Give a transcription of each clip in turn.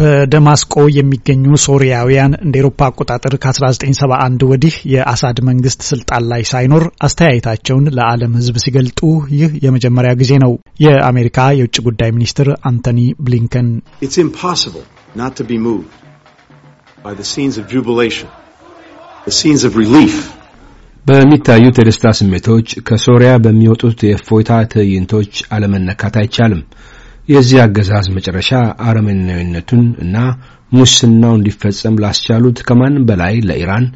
በደማስቆ የሚገኙ ሶሪያውያን እንደ ኤሮፓ አቆጣጠር ከ1971 ወዲህ የአሳድ መንግስት ስልጣን ላይ ሳይኖር አስተያየታቸውን ለዓለም ሕዝብ ሲገልጡ ይህ የመጀመሪያ ጊዜ ነው። የአሜሪካ የውጭ ጉዳይ ሚኒስትር አንቶኒ ብሊንከን በሚታዩት የደስታ ስሜቶች ከሶሪያ በሚወጡት የእፎይታ ትዕይንቶች አለመነካት አይቻልም። የዚህ አገዛዝ መጨረሻ አረመኔያዊነቱን እና ሙስናው እንዲፈጸም ላስቻሉት ከማንም በላይ ለኢራን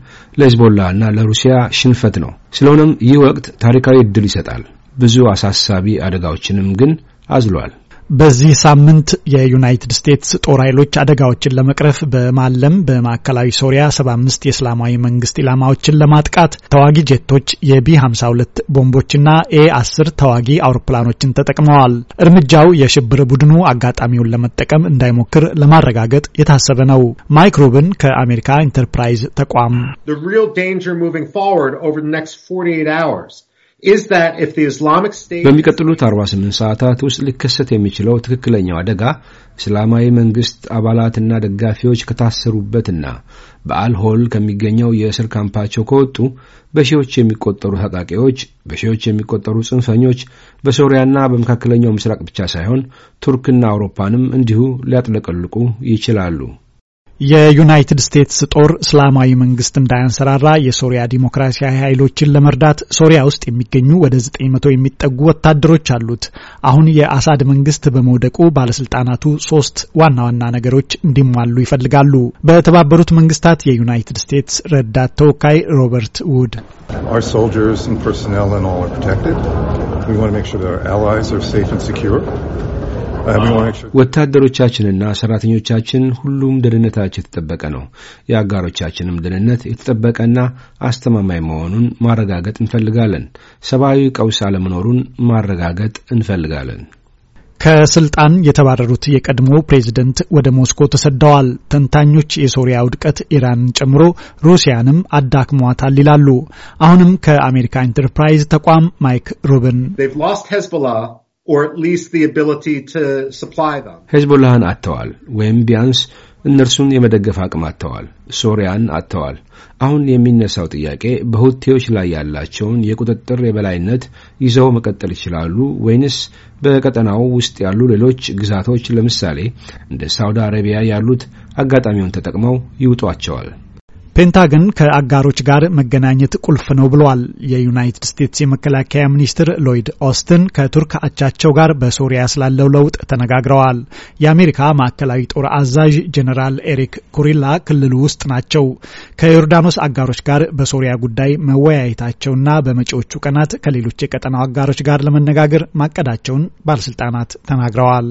ለሂዝቦላ እና ለሩሲያ ሽንፈት ነው። ስለሆነም ይህ ወቅት ታሪካዊ ዕድል ይሰጣል። ብዙ አሳሳቢ አደጋዎችንም ግን አዝሏል። በዚህ ሳምንት የዩናይትድ ስቴትስ ጦር ኃይሎች አደጋዎችን ለመቅረፍ በማለም በማዕከላዊ ሶሪያ 75 የእስላማዊ መንግስት ኢላማዎችን ለማጥቃት ተዋጊ ጄቶች፣ የቢ 52 ቦምቦችና ኤ 10 ተዋጊ አውሮፕላኖችን ተጠቅመዋል። እርምጃው የሽብር ቡድኑ አጋጣሚውን ለመጠቀም እንዳይሞክር ለማረጋገጥ የታሰበ ነው። ማይክ ሩብን ከአሜሪካ ኢንተርፕራይዝ ተቋም በሚቀጥሉት 48 ሰዓታት ውስጥ ሊከሰት የሚችለው ትክክለኛው አደጋ እስላማዊ መንግስት አባላትና ደጋፊዎች ከታሰሩበትና በአልሆል ከሚገኘው የእስር ካምፓቸው ከወጡ በሺዎች የሚቆጠሩ ታጣቂዎች፣ በሺዎች የሚቆጠሩ ጽንፈኞች በሶሪያና በመካከለኛው ምስራቅ ብቻ ሳይሆን ቱርክና አውሮፓንም እንዲሁ ሊያጥለቀልቁ ይችላሉ። የዩናይትድ ስቴትስ ጦር እስላማዊ መንግስት እንዳያንሰራራ የሶሪያ ዲሞክራሲያዊ ኃይሎችን ለመርዳት ሶሪያ ውስጥ የሚገኙ ወደ መቶ የሚጠጉ ወታደሮች አሉት። አሁን የአሳድ መንግስት በመውደቁ ባለስልጣናቱ ሶስት ዋና ዋና ነገሮች እንዲሟሉ ይፈልጋሉ። በተባበሩት መንግስታት የዩናይትድ ስቴትስ ረዳት ተወካይ ሮበርት ውድ Uh, ወታደሮቻችንና ሰራተኞቻችን ሁሉም ደህንነታቸው የተጠበቀ ነው። የአጋሮቻችንም ደህንነት የተጠበቀና አስተማማኝ መሆኑን ማረጋገጥ እንፈልጋለን። ሰብአዊ ቀውስ አለመኖሩን ማረጋገጥ እንፈልጋለን። ከስልጣን የተባረሩት የቀድሞ ፕሬዝደንት ወደ ሞስኮ ተሰደዋል። ተንታኞች የሶሪያ ውድቀት ኢራንን ጨምሮ ሩሲያንም አዳክሟታል ይላሉ። አሁንም ከአሜሪካ ኢንተርፕራይዝ ተቋም ማይክ ሩብን ሄዝቦላህን አጥተዋል፣ ወይም ቢያንስ እነርሱን የመደገፍ አቅም አጥተዋል። ሶሪያን አጥተዋል። አሁን የሚነሳው ጥያቄ በሁቴዎች ላይ ያላቸውን የቁጥጥር የበላይነት ይዘው መቀጠል ይችላሉ ወይንስ በቀጠናው ውስጥ ያሉ ሌሎች ግዛቶች ለምሳሌ እንደ ሳውዲ አረቢያ ያሉት አጋጣሚውን ተጠቅመው ይውጧቸዋል? ፔንታገን ከአጋሮች ጋር መገናኘት ቁልፍ ነው ብለዋል። የዩናይትድ ስቴትስ የመከላከያ ሚኒስትር ሎይድ ኦስትን ከቱርክ አቻቸው ጋር በሶሪያ ስላለው ለውጥ ተነጋግረዋል። የአሜሪካ ማዕከላዊ ጦር አዛዥ ጀኔራል ኤሪክ ኩሪላ ክልሉ ውስጥ ናቸው። ከዮርዳኖስ አጋሮች ጋር በሶሪያ ጉዳይ መወያየታቸውና በመጪዎቹ ቀናት ከሌሎች የቀጠናው አጋሮች ጋር ለመነጋገር ማቀዳቸውን ባለስልጣናት ተናግረዋል።